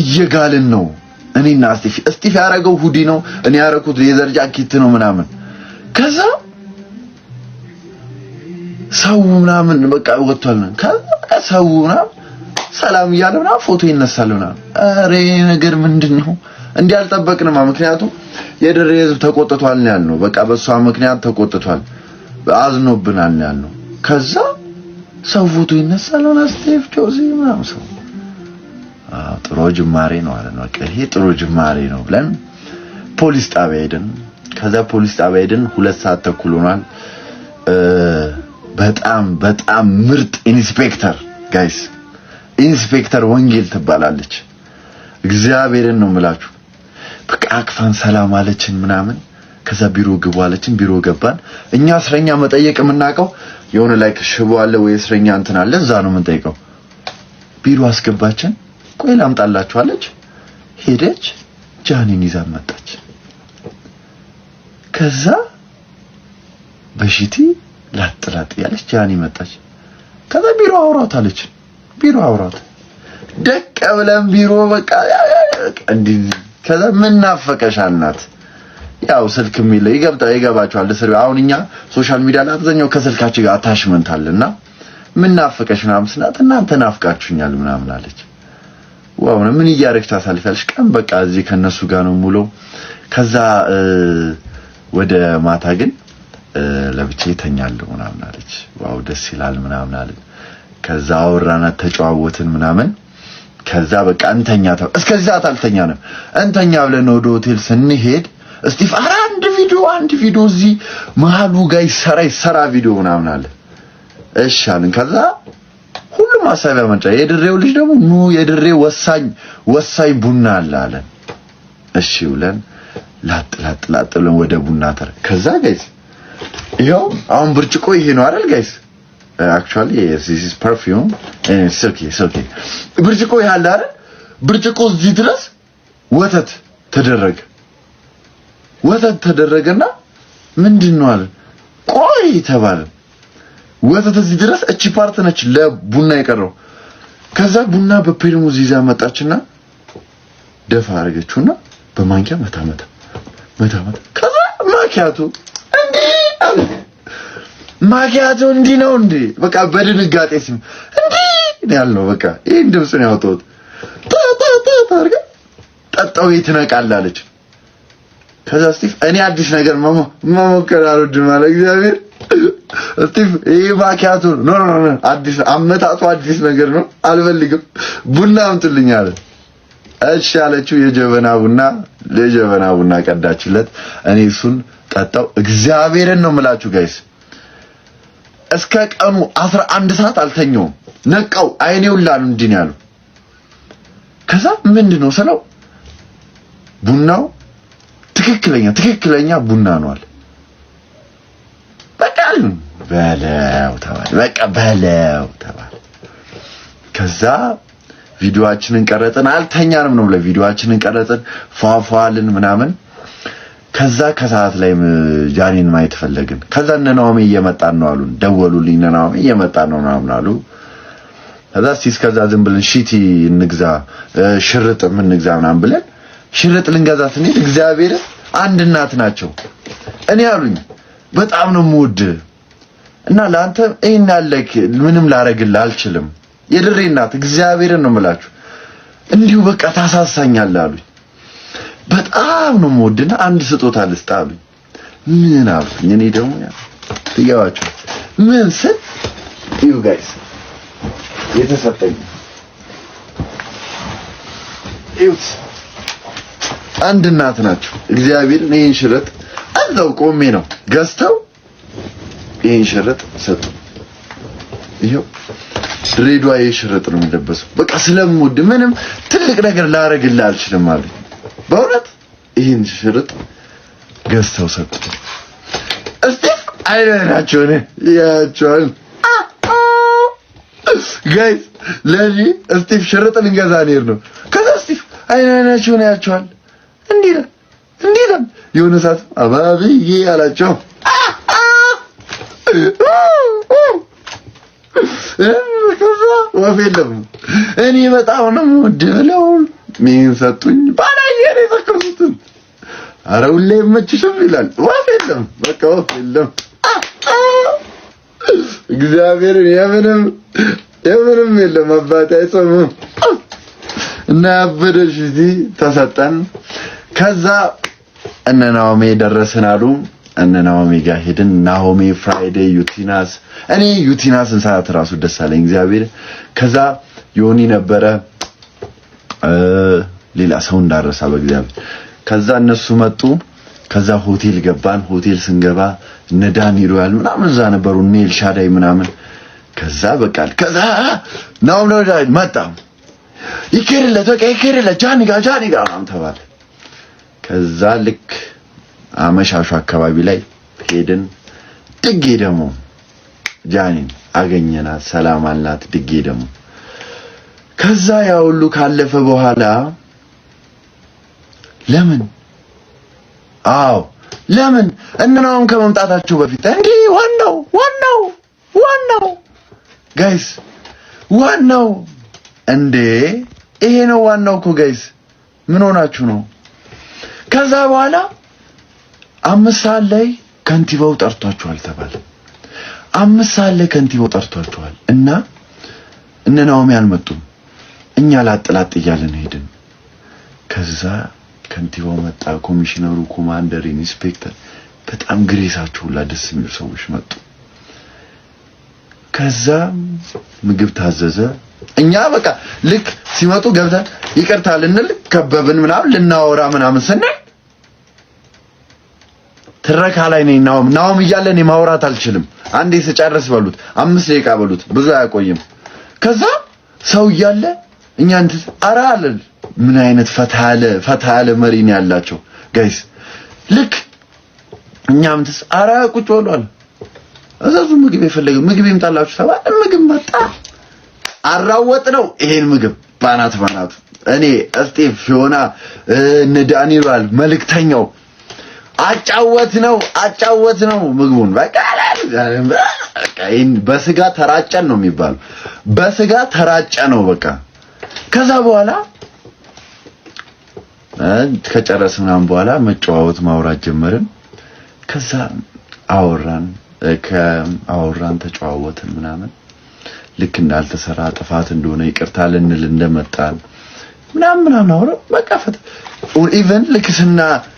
እየጋልን ነው። እኔና እስጢፍ እስጢፍ ያደረገው ሁዲ ነው፣ እኔ ያረኩት ሌዘር ጃኬት ነው ምናምን። ከዛ ሰው ምናምን በቃ ወጥቷል። ከዛ ሰው ምናምን ሰላም እያለ ምናምን ፎቶ ይነሳል ምናምን። ኧረ ነገር ምንድን ነው እንዲህ አልጠበቅንማ። ምክንያቱም የድሬ ህዝብ ተቆጥቷል ነው ያልነው። በቃ በሷ ምክንያት ተቆጥቷል፣ አዝኖብናል ነው ያልነው። ከዛ ሰው ፎቶ ይነሳል። እስጢፍ ጆሲ ምናምን ሰው ጥሩ ጅማሬ ነው አለ ነው። ይሄ ጥሩ ጅማሬ ነው ብለን ፖሊስ ጣቢያ ሄድን። ከዛ ፖሊስ ጣቢያ ሄድን። ሁለት ሰዓት ተኩል ሆኗል። በጣም በጣም ምርጥ ኢንስፔክተር ጋይስ፣ ኢንስፔክተር ወንጌል ትባላለች። እግዚአብሔርን ነው የምላችሁ። በቃ አቅፋን ሰላም አለችን ምናምን። ከዛ ቢሮ ግቡ አለችን። ቢሮ ገባን። እኛ እስረኛ መጠየቅ የምናውቀው የሆነ ላይክ ሽቦ አለ ወይ እስረኛ እንትን አለ፣ እዛ ነው የምንጠይቀው። ቢሮ አስገባችን። ቆይ ላምጣላችሁ ሄደች፣ ጃኒን ይዛ መጣች። ከዛ በሽቲ ላጥላጥ ያለች ጃኒ መጣች። ከዛ ቢሮ አውራት አለች። ቢሮ አውራት ደቀ ብለን ቢሮ በቃ እንዲህ ከዛ ምን ናፈቀሽ ያው ስልክ የሚል ይገብጣ ይገባቸዋል። ስር አሁን እኛ ሶሻል ሚዲያ ላይ አብዛኛው ከስልካችን ጋር አታሽመንት አለና ምን ናፈቀሽ ምናምን ስላት እናንተ ናፍቃችሁኛል ምናምን አለች። በሆነ ምን እያደረግሽ ታሳልፊያለሽ? ቀን በቃ እዚህ ከነሱ ጋር ነው ሙሉ። ከዛ ወደ ማታ ግን ለብቻዬ ተኛለሁ ምናምን አለች። ዋው ደስ ይላል ምናምን አለ። ከዛ አወራናት ተጨዋወትን ምናምን ከዛ በቃ እንተኛ ተ እስከዚህ ሰዓት አልተኛ ነው እንተኛ ብለን ወደ ሆቴል ስንሄድ እስጢፍ ኧረ አንድ ቪዲዮ አንድ ቪዲዮ እዚህ መሀሉ ጋር ይሰራ ይሰራ ቪዲዮ ምናምን አለ። እሺ አልን ከዛ ሁሉም ማሳቢያ መጫ የድሬው ልጅ ደግሞ ኑ የድሬ ወሳኝ ወሳኝ ቡና አለ አለን። እሺ ብለን ላጥ ላጥ ላጥ ብለን ወደ ቡና ተር ከዛ ጋይስ ይኸው አሁን ብርጭቆ ይሄ ነው አይደል ጋይስ? አክቹአሊ ዚስ ኢዝ perfume and eh, it's ብርጭቆ ይሄ አይደል? ብርጭቆ እዚህ ድረስ ወተት ተደረገ። ወተት ተደረገና ምንድን ነው አለ ቆይ ተባለ ወተት እዚህ ድረስ እቺ ፓርት ነች ለቡና የቀረው። ከዛ ቡና በፔርሙዝ ይዛ መጣችና ደፋ አረገችውና በማንኪያ መታ መታ መታ መታ። ከዛ ማኪያቱ እንዴ ማኪያቱ እንዲ ነው እንዴ! በቃ በድንጋጤ ሲም እንዴ ነው ያልነው። በቃ ይሄን ድምጽ ነው ያወጣሁት። ታ ታ ታ ታርጋ ጠጣው ትነቃላለች። ከዛ ስቲፍ እኔ አዲስ ነገር መሞከር አልወድም አለ እግዚአብሔር እስቲቭ ይሄ ማኪያቱ ኖ ኖ ኖ፣ አዲስ አመጣጡ አዲስ ነገር ነው፣ አልፈልግም፣ ቡና አምጡልኝ አለ። እሺ አለችው። የጀበና ቡና ለጀበና ቡና ቀዳችለት። እኔ እሱን ጠጣው። እግዚአብሔርን ነው የምላችሁ ጋይስ፣ እስከ ቀኑ አስራ አንድ ሰዓት አልተኛውም። ነቀው አይኔው ላሉ እንዲህ ያሉ ከዛ ምንድን ነው ስለው ቡናው ትክክለኛ ትክክለኛ ቡና ነው አለ። አልቻልም በለው ተባለ። በቃ በለው ተባለ። ከዛ ቪዲዮአችንን ቀረጥን። አልተኛንም ነው ብለህ ቪዲዮአችንን ቀረጥን፣ ፏፏልን ምናምን። ከዛ ከሰዓት ላይ ጃኒን ማየት ፈለግን። ከዛ እነ ናኦሚ እየመጣን ነው አሉን፣ ደወሉልኝ። እነ ናኦሚ እየመጣን ነው ምናምን አሉ። ከዛ እስቲ እስከዛ ዝም ብለን ሺቲ እንግዛ፣ ሽርጥ እንግዛ ምናምን ብለን ሽርጥ ልንገዛ ስንሄድ እግዚአብሔር አንድ እናት ናቸው እኔ አሉኝ በጣም ነው ሙድ እና ለአንተ ይህን ያለክ ምንም ላረግልህ አልችልም። የድሬ እናት እግዚአብሔርን ነው የምላችሁ እንዲሁ በቃ ታሳሳኛለህ አሉኝ። በጣም ነው ሙድና አንድ ስጦታ ልስጥህ አሉኝ። ምን አልኩኝ እኔ ደግሞ ትያዋቸው ምን ስል ዩ ጋይስ የተሰጠኝ እዩት አንድ እናት ናቸው። እግዚአብሔርን ይህን ሽረት ነው ቆሜ ነው ገዝተው ይሄን ሸረጥ ሰጡ። ይሄው ድሬዳዋ ይሄ ሸረጥ ነው የሚለበሰው። በቃ ስለምወድ ምንም ትልቅ ነገር ላረግልህ አልችልም አለኝ። በእውነት ይሄን ሸረጥ ገዝተው ሰጡ። እስቲ አይናቸው ነው ያቻል ጋይስ ለዚህ እስቲፍ ሸረጥን እንገዛ ነው። ከዛ እስቲፍ አይናቸው ነው ያቸዋል እንዲህ ነው እንዴት የሆነ ሰዓት አባብዬ አላቸው። ከዛ ወፍ የለም። እኔ በጣም ነው ወደለው ምን ሰጡኝ ባላዬ ነው የሰከሩትን። ኧረ ሁሌ መችሽም ይላል። ወፍ የለም፣ በቃ ወፍ የለም። እግዚአብሔር የምንም የምንም የለም። አባቴ አይጾምም እና ያበደሽ እዚህ ተሰጠን ከዛ እነ ናኦሜ ደረስን አሉ። እነ ናኦሜ ጋር ሄድን። ናኦሜ፣ ፍራይዴ፣ ዩቲናስ እኔ ዩቲናስን ሰዓት ራሱ ደስ አለኝ እግዚአብሔር። ከዛ ዮኒ ነበረ ሌላ ሰው እንዳረሳ በእግዚአብሔር። ከዛ እነሱ መጡ። ከዛ ሆቴል ገባን። ሆቴል ስንገባ እነ ዳኒ ሮያል ምናምን እዛ ነበሩ እነ ኤልሻዳይ ምናምን። ከዛ በቃል ከዛ ናኦም ነው መጣ ይከረለ ተቀይከረለ ጃኒ ጋር ጃኒ ጋር ተባለ ከዛ ልክ አመሻሹ አካባቢ ላይ ሄድን። ድጌ ደግሞ ጃኒን አገኘናት፣ ሰላም አልናት። ድጌ ደግሞ ከዛ ያ ሁሉ ካለፈ በኋላ ለምን አዎ ለምን እንናውን ከመምጣታችሁ በፊት እንዲህ ዋናው ዋናው ዋናው ጋይስ ዋናው እንዴ ይሄ ነው ዋናው እኮ ጋይስ ምን ሆናችሁ ነው? ከዛ በኋላ አምስት ሰዓት ላይ ከንቲባው ጠርቷቸዋል ተባለ። አምስት ሰዓት ላይ ከንቲባው ጠርቷቸዋል እና እነ ናኦሚ አልመጡም። እኛ ላጥላጥ እያለን ሄድን። ከዛ ከንቲባው መጣ፣ ኮሚሽነሩ፣ ኮማንደር፣ ኢንስፔክተር በጣም ግሬሳቸው ሁላ ደስ የሚሉ ሰዎች መጡ። ከዛ ምግብ ታዘዘ። እኛ በቃ ልክ ሲመጡ ገብተን ይቅርታ ልንል ከበብን ምናምን ልናወራ ምናምን ስንል ትረካ ላይ ነኝ። ናውም ናውም እያለ እኔ ማውራት አልችልም። አንዴ ስጨርስ በሉት፣ አምስት ደቂቃ በሉት፣ ብዙ አያቆይም። ከዛ ሰው እያለ እኛ እንትን ኧረ አለን። ምን አይነት ፈታ ያለ ፈታ ያለ መሪ ነው ያላቸው ጋይስ። ልክ እኛ ምትስ ኧረ ቁጭ ብሏል። እዛዙ ምግብ የፈለገው ምግብ ይምጣላችሁ ተባለ። ምግብ መጣ፣ አራወጥ ነው ይሄን ምግብ ባናት ባናት። እኔ እስጢፍ ፊዮና እነ ዳኒባል መልእክተኛው አጫወት ነው አጫወት ነው ምግቡን በቃ በስጋ ተራጨን ነው የሚባለው። በስጋ ተራጨ ነው በቃ። ከዛ በኋላ ከጨረስ ምናምን በኋላ መጨዋወት ማውራት ጀመርን። ከዛ አወራን ከአወራን ተጨዋወትን ምናምን ልክ እንዳልተሰራ ጥፋት እንደሆነ ይቅርታ ልንል እንደመጣን ምናምን ምናምን አውረ በቃ ፈት ኢቨን ልክ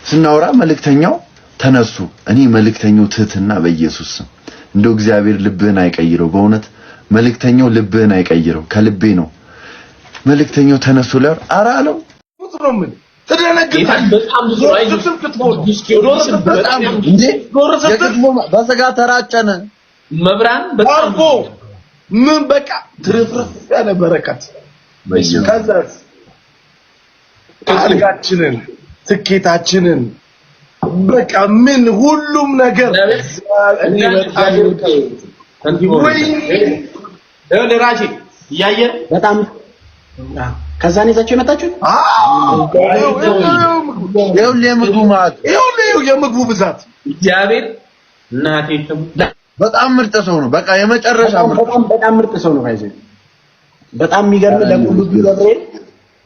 ስናወራ መልእክተኛው ተነሱ እኔ መልእክተኛው ትህትና በኢየሱስ ስም እንደው እግዚአብሔር ልብህን አይቀይረው። በእውነት መልእክተኛው ልብህን አይቀይረው። ከልቤ ነው መልእክተኛው ተነሱ ላይ ኧረ አለው በስጋ ተራጨነ መብራን ምን በቃ ትርፍርፍ ያለ በረከት ከዛስ ታሪካችንን፣ ስኬታችንን በቃ ምን ሁሉም ነገር በጣም ከዛ ነው ይዛችሁ የመጣችሁት። የምግቡ ብዛት እግዚአብሔር እናቴ በጣም ምርጥ ሰው ነው። በቃ የመጨረሻ በጣም በጣም ምርጥ ሰው ነው። በጣም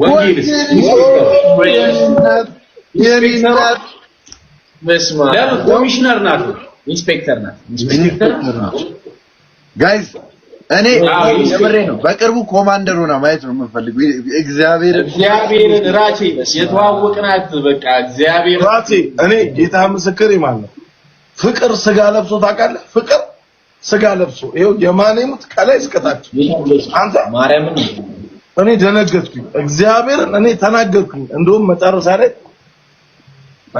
ወንጌልስ የሚሰራት ኮሚሽነር ናት? ኢንስፔክተር ናት። ጋይስ እኔ የምሬ ነው። በቅርቡ ኮማንደር ሆና ማየት ነው የምንፈልገው። እግዚአብሔር እግዚአብሔርን ራቼ የተዋወቅናት በቃ እግዚአብሔር ራቼ እኔ ጌታ ምስክር ነው። ፍቅር ስጋ ለብሶ ታውቃለህ? ፍቅር ስጋ ለብሶ ይኸው ከላይ እስከታች አንተ ማርያምን እኔ ደነገጥኩኝ። እግዚአብሔር እኔ ተናገርኩኝ። እንደውም መጨረሻ ላይ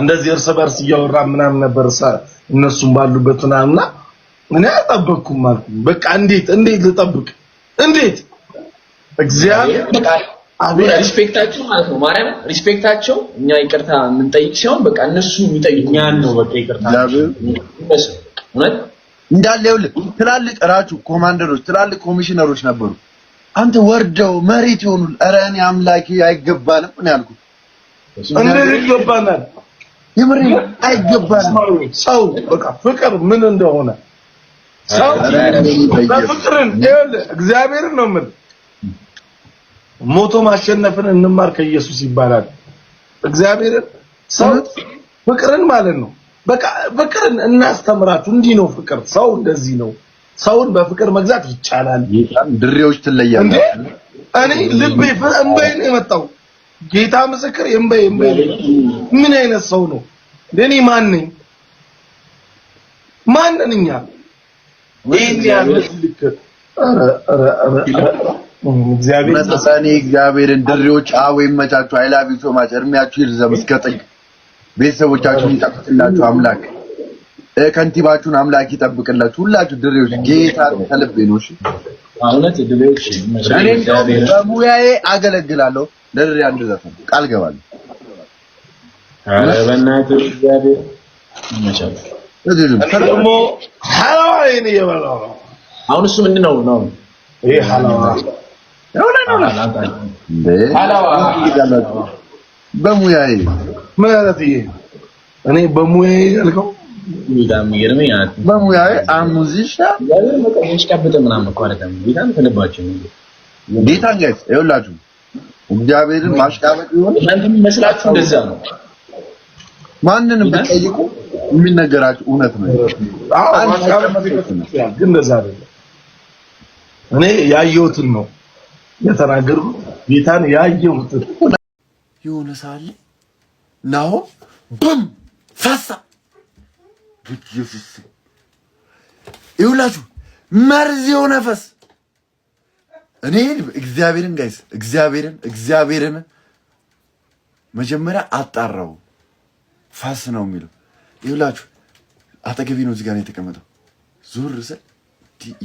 እንደዚህ እርስ በርስ እያወራ ምናምን ነበር እነሱም ባሉበት ምናምና እኔ አልጠበቅኩም አልኩኝ። በቃ እንዴት እንዴት ልጠብቅ እንዴት እግዚአብሔር ሪስፔክታቸው ማለት ነው። ማርያም ሪስፔክታቸው እኛ ይቅርታ የምንጠይቅ ሲሆን በቃ እነሱ የሚጠይቁ እኛን ነው። በቃ ይቅርታ እንዳለ ይኸውልህ፣ ትላልቅ ራቹ ኮማንደሮች፣ ትላልቅ ኮሚሽነሮች ነበሩ አንተ ወርደው መሬት ይሆኑ። ኧረ እኔ አምላኬ አይገባንም ነው ያልኩት። እንዴ ይገባናል? የምሬ አይገባንም። ሰው በቃ ፍቅር ምን እንደሆነ ሰው ፍቅርን እግዚአብሔርን ነው ምን ሞቶ ማሸነፍን እንማር ከኢየሱስ ይባላል። እግዚአብሔርን ሰው ፍቅርን ማለት ነው። በቃ ፍቅርን እናስተምራችሁ። እንዲህ ነው ፍቅር። ሰው እንደዚህ ነው። ሰውን በፍቅር መግዛት ይቻላል። ድሬዎች ትለያለህ። እኔ ልቤ እንበይ ነው የመጣው። ጌታ ምስክር እንበይ እንበይ። ምን አይነት ሰው ነው? እኔ ማን ነኝ? ማን ነን እኛ? ይሄን ያለ ልክ እግዚአብሔርን ድሬዎች አዎ ይመቻችሁ። አይላቪ ሶማች እድሜያችሁ ይርዘም እስከ ጥግ ቤተሰቦቻችሁን ይጠቅምላችሁ አምላክ ከንቲባችሁን አምላክ ይጠብቅላችሁ። ሁላችሁ ድሬዎች ጌታ ከልቤ ነው። እሺ አሁንት ድሬዎች በሙያዬ አገለግላለሁ። ለድሬ አንድ ዘፈን ቃል ገባለሁ። በሙያዬ ምን አለትዬ እኔ በሙያዬ በጣም የሚገርመኝ በሙያዊ አሙዚሻ ሽቀብጥ ምናምን እኮ አይደለም። ጌታን ከልባቸው ጌታን ጋይስ ይኸውላችሁ እግዚአብሔርን ማሽቃበጥ ቢሆን ይመስላችሁ እንደዛ ነው። ማንንም ብትጠይቁ የሚነገራችሁ እውነት ነው። አሁን ግን እንደዛ አይደለም። እኔ ያየሁትን ነው የተናገርኩት። ጌታን ያየሁትን የሆነ ሳለ ናሆም ብም ፈሳ ኢየሱስ ይሁላችሁ መርዝ የሆነ ፈስ እኔ እግዚአብሔርን ጋይስ እግዚአብሔርን እግዚአብሔርን መጀመሪያ አጣራው ፈስ ነው የሚለው ነው እዚህ ነው የተቀመጠው ዞር ስል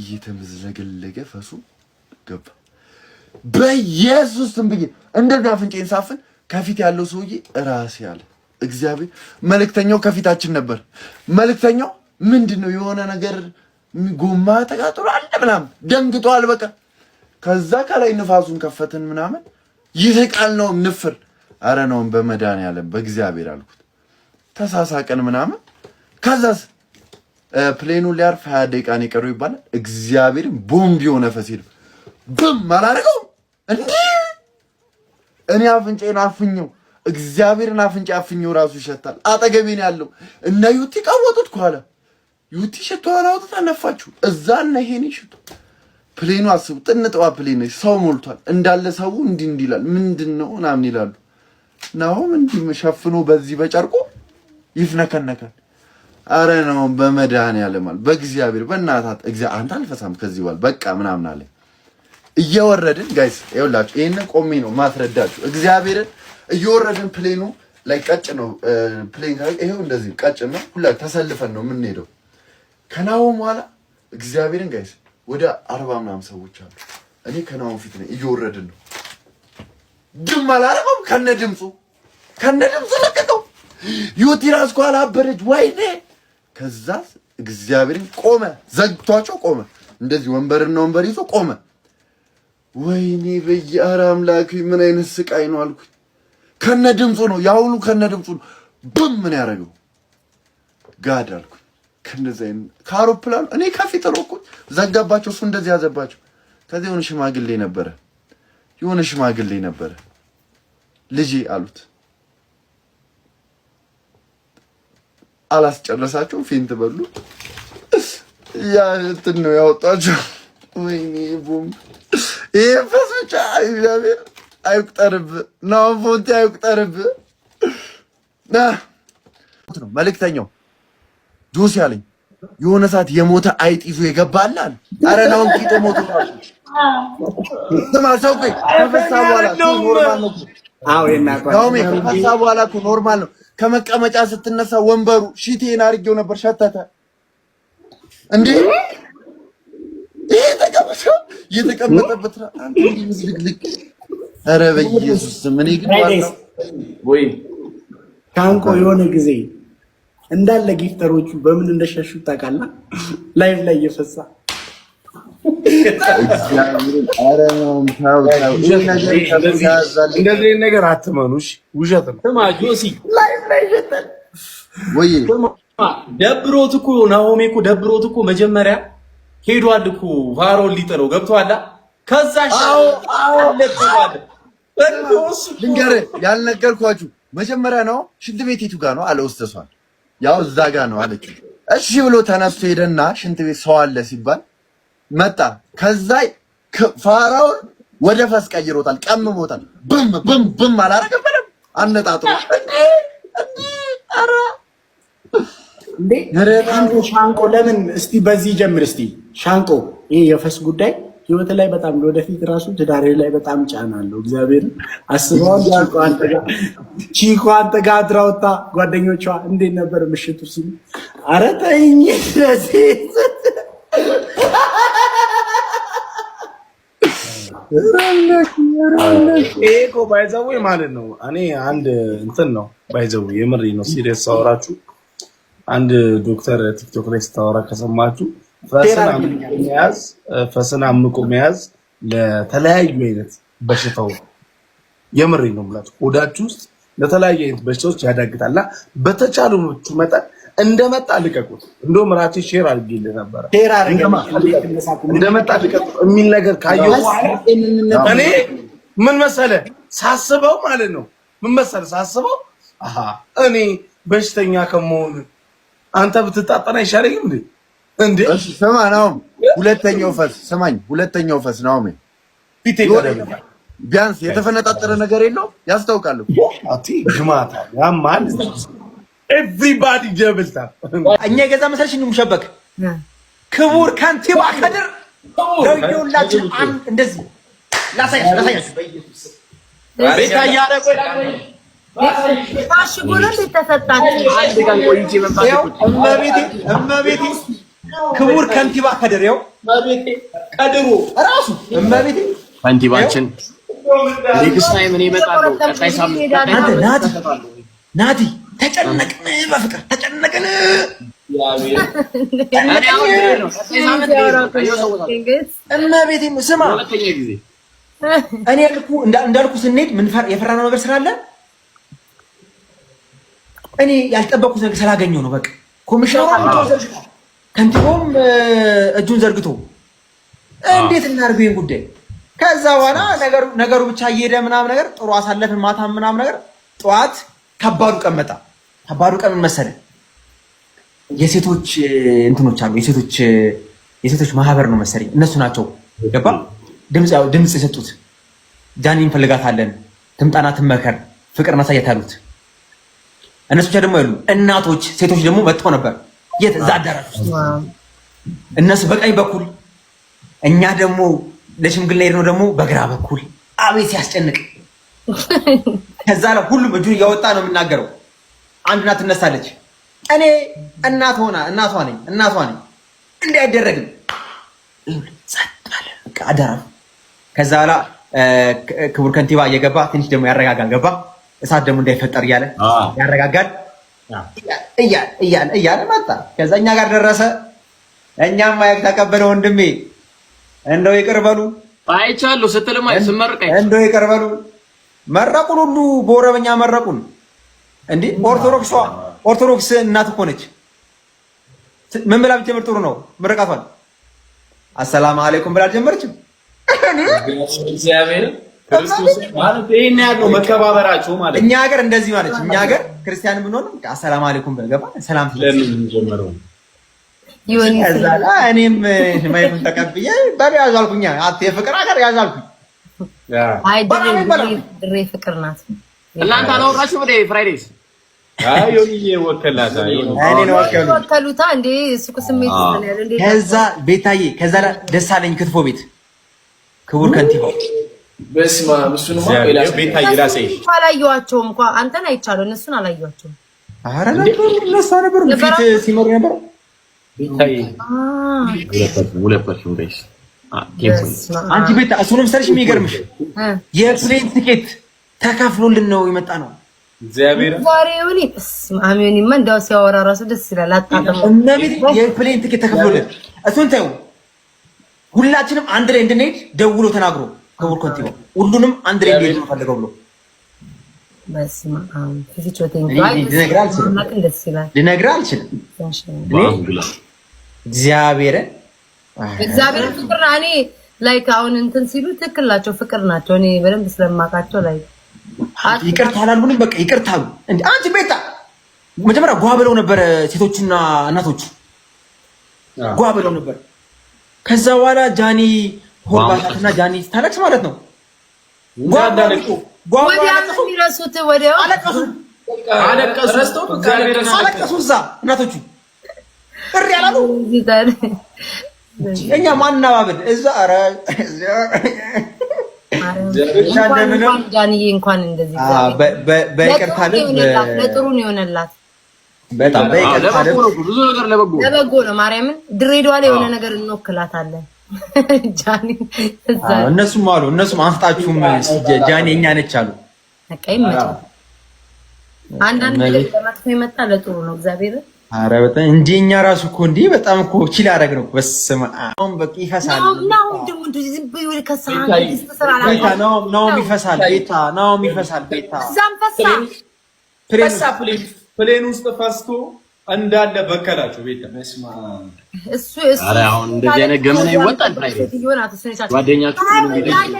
እየተመዘገለገ ፈሱ ገባ በኢየሱስ ሳፍን ከፊት ያለው ሰውዬ ራሴ አለ እግዚአብሔር መልእክተኛው ከፊታችን ነበር። መልእክተኛው ምንድን ነው የሆነ ነገር ጎማ ተቃጥሎ አለ ምናምን ደንግጧል። በቃ ከዛ ከላይ ንፋሱን ከፈትን ምናምን ይህቃል ነው ንፍር አረ ነውን በመድኃኒዓለም በእግዚአብሔር አልኩት። ተሳሳቀን ምናምን ከዛስ ፕሌኑ ሊያርፍ ሀያ ደቂቃን ነው የቀረው ይባላል። እግዚአብሔርን ቦምብ የሆነ ፈሲል ብም አላደርገው እንዲህ እኔ አፍንጬን አፍኘው እግዚአብሔርን አፍንጫ አፍኘው ራሱ ይሸታል። አጠገቤን ያለው እና ዩቲ ቀወጡት ከኋላ ዩቲ ሽቶ አላወጡት አለፋችሁ እዛ እና ይሄኔ ሽቶ ፕሌኑ አስቡ። ጥንጥዋ ፕሌን ሰው ሞልቷል እንዳለ ሰው እንዲህ እንዲህ ይላል። ምንድን ነው ምናምን ይላሉ። ናሆም እንዲህ ሸፍኖ በዚህ በጨርቁ ይፍነከነካል። አረ ነው በመድኃኒዓለም አለ በእግዚአብሔር በእናታት አንተ አልፈሳም ከዚህ በኋላ በቃ ምናምን አለ። እየወረድን ጋይስ ይኸውላችሁ ይሄንን ቆሜ ነው ማስረዳችሁ እግዚአብሔርን እየወረድን ፕሌኑ ላይ ቀጭ ነው ፕሌን ይሄው እንደዚህ ቀጭ ነው። ሁላ ተሰልፈን ነው የምንሄደው። ከናሆም በኋላ እግዚአብሔርን ጋይስ ወደ አርባ ምናምን ሰዎች አሉ። እኔ ከናሆም ፊት ነኝ። እየወረድን ነው። ድም አላረገውም። ከነ ድምፁ ከነ ድምፁ ለቀቀው። ዩቲ ራስ እኮ አላበረች ወይኔ። ከዛ እግዚአብሔርን ቆመ፣ ዘግቷቸው ቆመ። እንደዚህ ወንበርና ወንበር ይዞ ቆመ። ወይኔ በየአራ አምላክ ምን አይነት ስቃይ ነው አልኩኝ። ከነ ድምፁ ነው የአሁኑ ከነ ድምፁ ነው። ብም ምን ያደረገው ጋድ አልኩ። ከነዚህ ከአውሮፕላኑ እኔ ከፊት ሮኩኝ ዘጋባቸው። እሱ እንደዚህ ያዘባቸው። ከዚህ የሆነ ሽማግሌ ነበረ የሆነ ሽማግሌ ነበረ። ልጄ አሉት ጨረሳቸው ፊንት በሉ ያ እንትን ነው ያወጣቸው። ወይኔ ቡም ይሄ ፈስ ብቻ እግዚአብሔር አይቁጠርብ ናፎንቲ አይቁጠርብ ነው መልእክተኛው ዱስ ያለኝ የሆነ ሰዓት የሞተ አይጥ ይዞ የገባላል። አረ ናውን ቂጦ ሞቶ ስማ ሰው ከፈሳ በኋላ በኋላ እኮ ኖርማል ነው። ከመቀመጫ ስትነሳ ወንበሩ ሺቴን አድርጌው ነበር ሸተተ እንዴ ይሄ ተቀመጠ አንተ ኧረ በኢየሱስ ምን እኔ ወይ ካንቆ የሆነ ጊዜ እንዳለ ጊፍተሮቹ በምን እንደሸሹ ታውቃለህ? ላይቭ ላይ እየፈሳ እንደዚህ ነገር አትመኑሽ፣ ውሸት ነው። ስማ ጆሲ ወይ ደብሮት እኮ ናሆሜ እኮ ደብሮት እኮ መጀመሪያ ሄዷል እኮ ቫሮን ሊጥለው ገብቶሃል። ከዛ ሻው አለበት ልንገርህ ያልነገርኳችሁ መጀመሪያ ነው። ሽንት ቤት የቱ ጋር ነው አለ። ወስደሷል ያው እዛ ጋር ነው አለች። እሺ ብሎ ተነስቶ ሄደና ሽንት ቤት ሰው አለ ሲባል መጣ። ከዛ ፋራውን ወደ ፈስ ቀይሮታል፣ ቀምሞታል። ብም ብም ብም አላረገም በደምብ አነጣጥሮ ሻንቆ ለምን እስቲ በዚህ ጀምር እስቲ ሻንቆ ይህ የፈስ ጉዳይ ህይወት ላይ በጣም ለወደፊት ራሱ ትዳሬ ላይ በጣም ጫና አለው። እግዚአብሔር አስበዋል። ቺኮ አንተ ጋ አድራ ወጣ ጓደኞቿ እንዴት ነበር ምሽቱ ሲሉ ኧረ ተይኝ ባይዘዌ ማለት ነው። እኔ አንድ እንትን ነው ባይዘው የምሬ ነው። ሲሪየስ ሳወራችሁ አንድ ዶክተር ቲክቶክ ላይ ስታወራ ከሰማችሁ መያዝ ፈስን አምቆ መያዝ ለተለያዩ አይነት በሽታው የምሬ ነው ብላት ሆዳችሁ ውስጥ ለተለያዩ አይነት በሽታዎች ያዳግታልና በተቻሉ መጠን እንደመጣ ልቀቁት። እንደውም ራሴ ሼር አድርጌልህ ነበረ። እንደመጣ ልቀቁት የሚል ነገር ካየሁ እኔ ምን መሰለህ ሳስበው ማለት ነው ምን መሰለህ ሳስበው እኔ በሽተኛ ከመሆን አንተ ብትጣጠና አይሻለኝም እንዴ? እንዴ ስማ ነው ሁለተኛው ፈስ ስማኝ፣ ሁለተኛው ፈስ ቢያንስ የተፈነጣጠረ ነገር ኤቭሪባዲ ጀብልታ እኛ የገዛ መሰለሽ ክቡር ከንቲባ ከድር ደውዬውላችሁ እንደዚህ ቤታ ተሰጣችሁ። እመቤቴ እመቤቴ ክቡር ከንቲባ ከድሬው ከድሩ ራሱ እመቤቴ ከንቲባችን ኔክስት ታይም እኔ እመጣለሁ። ቀጣይ ሳምንት ናቲ ናቲ ተጨነቅን፣ በፍቅር ተጨነቅን። እመቤቴ ስማ፣ እኔ ልኩ እንዳልኩ ስንሄድ ምን የፈራነው ነገር ስላለ እኔ ያልጠበኩት ነገር ስላገኘው ነው። በቃ ኮሚሽነሩ ከንቲቦም እጁን ዘርግቶ እንዴት እናድርገው ይህን ጉዳይ። ከዛ በኋላ ነገሩ ብቻ እየሄደ ምናምን ነገር ጥሩ አሳለፍን። ማታ ምናምን ነገር ጠዋት ከባዱ ቀን መጣ። ከባዱ ቀን መሰለ የሴቶች እንትኖች አሉ። የሴቶች የሴቶች ማህበር ነው መሰለኝ። እነሱ ናቸው ገባ ድምፅ የሰጡት። ጃኒ እንፈልጋታለን፣ ትምጣና ትመከር፣ ፍቅር እናሳያት ያሉት እነሱ ብቻ ደግሞ ያሉ እናቶች ሴቶች ደግሞ መጥተው ነበር የት? እዛ አዳራሽ ውስጥ እነሱ በቀኝ በኩል እኛ ደግሞ ለሽምግልና ሄድነው ደግሞ በግራ በኩል። አቤት ሲያስጨንቅ! ከዛ ላይ ሁሉም እጁን እያወጣ ነው የምናገረው። አንድ እናት ትነሳለች። እኔ እናት ሆና እናቷ ነኝ እናቷ ነኝ እንዲህ አይደረግም። ጸጥ ከዛ ላ ክቡር ከንቲባ እየገባ ትንሽ ደግሞ ያረጋጋል። ገባ እሳት ደግሞ እንዳይፈጠር እያለ ያረጋጋል። እያለ እያለ እያለ መጣ። ከዛ እኛ ጋር ደረሰ። እኛም ማየቅ ተቀበለ። ወንድሜ እንደው ይቅርበሉ አይቻሉ ስትልማ ስመርቀኝ እንደው ይቅርበሉ መረቁን ሁሉ በኦሮምኛ መረቁን። እንዴ ኦርቶዶክስ ኦርቶዶክስ እናት እኮ ነች። ምን ብላ ብትጀምር ጥሩ ነው? ምርቃቷን አሰላም አለይኩም ብላ አልጀመረችም። ክርስቶስ ያለው መከባበራቸው ማለት እኛ ሀገር እንደዚህ ማለት እኛ ሀገር ክርስቲያን ብንሆን አሰላም አለይኩም ብንገባ ሰላም እኔም ማይኩን ተቀብዬ በሉ ያዛልኩኛ የፍቅር ሀገር ያዛልኩኝ። ፍቅር ናት። እናንተ አላወራችሁ ወደ ከዛ ቤታዬ ከዛ ክትፎ ቤት ክቡር ከንቲባው በስማ አላየኋቸውም እንኳ አንተን አይቻለሁ፣ እነሱን አላየኋቸውም። ኧረ ነበሩ እነሱ ፊት ሲመሩ ነበር። አንቺ ቤታ እሱን መሰለሽ የሚገርምሽ የፕሌን ትኬት ተካፍሎልን ነው የመጣ ነው። እግዚአብሔርን ሲያወራ ራሱ ደስ ይላል። አጣጥሞ የፕሌን ትኬት ተከፍሎልን እሱን ተይው፣ ሁላችንም አንድ ላይ እንድንሄድ ደውሎ ተናግሮ ክቡር ከንቲባ ሁሉንም አንድ ላይ እንዲሄድ የምፈልገው ብሎ ልነግርህ አልችልም። እግዚአብሔር እግዚአብሔርን ፍቅር እኔ ላይ አሁን እንትን ሲሉ ትክክል ናቸው፣ ፍቅር ናቸው። እኔ በደንብ ስለማውቃቸው ላይ ይቅርታ አላልኩንም። በቃ ይቅርታ እንደ አንቺ ቤታ መጀመሪያ ጓ ብለው ነበረ ሴቶችና እናቶች ጓ ብለው ነበር። ከዛ በኋላ ጃኒ ሆርባትና ጃኒ ስታለቅስ ማለት ነው። ወዲያው አለቀሱ አለቀሱ። እዛ እናቶቹ ቅር ያላሉ እኛ ማናባብን እዛ ኧረ ጃንዬ እንኳን እንደዚህ በይቅርታ ለጥሩን የሆነላት በጣም ለበጎ ነው። ማርያምን ድሬዳዋ ላይ የሆነ ነገር እንወክላታለን እነሱም አሉ እነሱም አፍጣችሁም ጃኒ እኛ ነች አሉ። አንዳንድ አረ በጣም እንጂ እኛ ራሱ እኮ እንዲህ በጣም እኮ ችላ አደረግ ነው። በስመ አብ አሁን በቃ ይፈሳል። ናሁም ይፈሳል። ቤታ ናሁም ይፈሳል። ቤታ ፕሌን ውስጥ ፈስቶ እንዳለ በከላቸው ቤት እሱ እሱ አሁን እንደዚህ አይነት ገመና ይወጣል።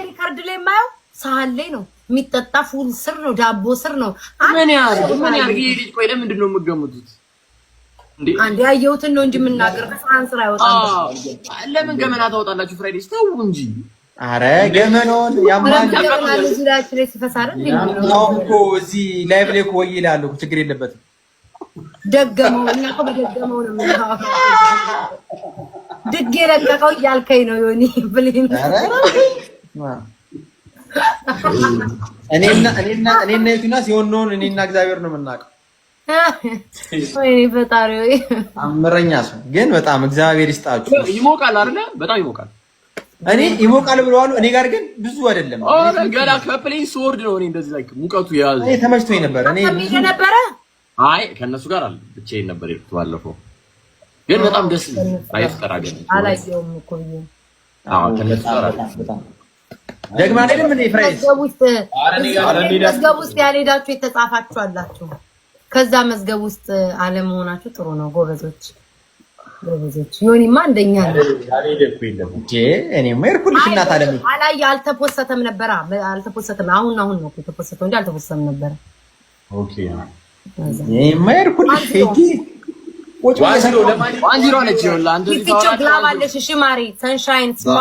ሪከርድ ላይ የማየው ሳህን ላይ ነው የሚጠጣ ፉል ስር ነው ዳቦ ስር ነው። ምን ያህል ምን ያህል ይሄ ልጅ ቆይ፣ ለምንድን ነው የምገምቱት? አንድ ያየሁትን ነው እንጂ የምናገር ከሳህን ስራ ይወጣል። ለምን ገመና ታወጣላችሁ? ፍራይዴስ ተው እንጂ አረ ገመናውን ያማል። እዚህ ላይቭ ላይ እኮ ወይ ይላሉ፣ ችግር የለበትም ደገመው። እኛ እኮ በደገመው ነው የምናወራው። ድግ የረቀቀው እያልከኝ ነው ዮኒ ብሌን። እኔና እኔና እኔና እኔና እግዚአብሔር ነው የምናውቀው። ወይኔ ፈጣሪ ወይ አምረኛ ሰው ግን በጣም እግዚአብሔር ይስጣችሁ። ይሞቃል አይደለ? በጣም ይሞቃል። እኔ ይሞቃል ብለዋል። እኔ ጋር ግን ብዙ አይደለም። ገና ከፕሌን ስወርድ ነው እኔ እንደዚህ ላይ ሙቀቱ የያዘ ተመችቶኝ ነበረ እኔ ነበረ አይ ከእነሱ ጋር አለ ብቻዬን ነበር የሄድኩት ባለፈው። ግን በጣም ደስ ላይፍ ጠራ አላየውም እኮ አዎ፣ ከእነሱ ጋር አለ ደግማ አይደለም እንዴ ፍሬዝ መዝገብ ውስጥ ያልሄዳችሁ የተጻፋችሁ አላችሁ። ከዛ መዝገብ ውስጥ አለመሆናችሁ ጥሩ ነው። ጎበዞች ጎበዞች። ዮኒማ አንደኛ ነው። እኔማ ሄድኩልሽ እናት አለም አላየ አልተፖሰተም ነበራ። አልተፖሰተም። አሁን አሁን ነው የተፖሰተው እንጂ አልተፖሰተም ነበረ። ኦኬ ነች ማሪ ሰንሻይን